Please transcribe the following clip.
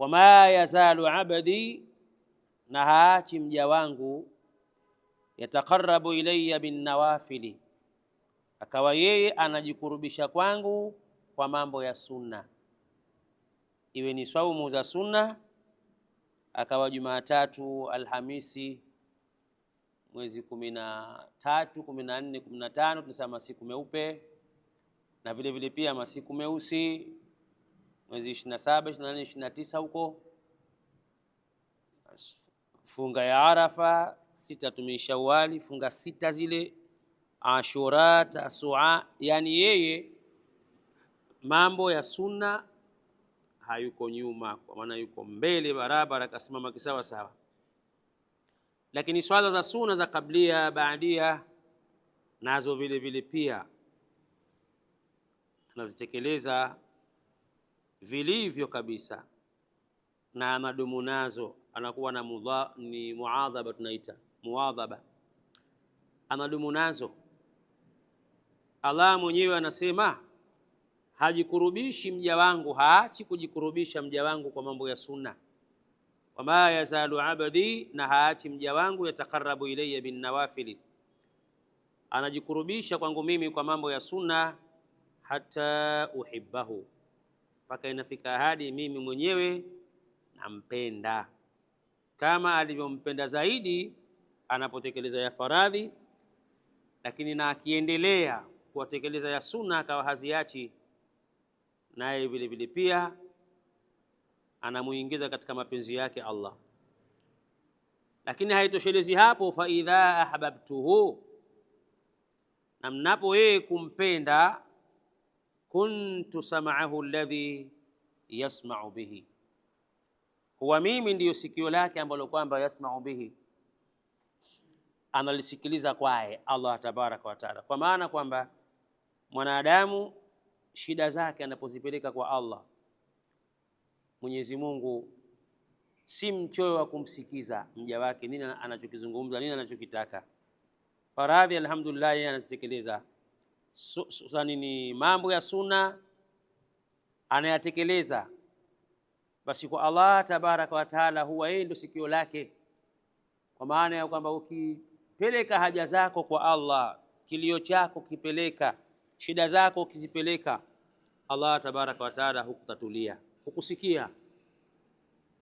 wama yazalu abdi na haachi mja wangu yataqarabu ilayya bin nawafili, akawa yeye anajikurubisha kwangu kwa mambo ya sunna, iwe ni saumu za sunna, akawa Jumatatu, Alhamisi, mwezi kumi na tatu, kumi na nne, kumi na tano, tunasema masiku meupe na vile vile pia masiku meusi mwezi 27, 28, 29 huko funga ya Arafa sita tumeishawali funga sita zile Ashura, Tasua, yani yeye mambo ya sunna hayuko nyuma, kwa maana yuko mbele barabara, akasimama kisawa sawa. Lakini swala za sunna za kablia, baadia nazo vile vile pia anazitekeleza vilivyo kabisa na madumu nazo, anakuwa na mudha, ni muadhaba, tunaita muadhaba, anadumu nazo. Allah mwenyewe anasema hajikurubishi mja wangu, haachi kujikurubisha mja wangu kwa mambo ya sunna. Wama yazalu abadi na haachi mja wangu, yatakarabu ilayya bin nawafili, anajikurubisha kwangu mimi kwa mambo ya sunna, hata uhibbahu mpaka inafika ahadi mimi mwenyewe nampenda kama alivyompenda zaidi anapotekeleza ya faradhi, lakini na akiendelea kuwatekeleza ya sunna akawa haziachi, naye vile vile pia anamuingiza katika mapenzi yake Allah. Lakini haitoshelezi hapo, fa idha ahbabtuhu, na mnapo yeye kumpenda kuntu samaahu alladhi yasma'u bihi, huwa mimi ndiyo sikio lake ambalo kwamba yasma'u bihi, analisikiliza kwaye Allah tabaraka wa taala. Kwa maana kwamba mwanadamu shida zake anapozipeleka kwa Allah, Mwenyezi Mungu si mchoyo wa kumsikiza mja wake, nini anachokizungumza, nini anachokitaka. Faradhi alhamdulillah, anazitekeleza su, nini mambo ya sunna anayatekeleza, basi kwa Allah tabaraka wa taala huwa yeye ndio sikio lake, kwa maana ya kwamba ukipeleka haja zako kwa Allah, kilio chako kipeleka, shida zako ukizipeleka, Allah tabaraka wa taala hukutatulia, hukusikia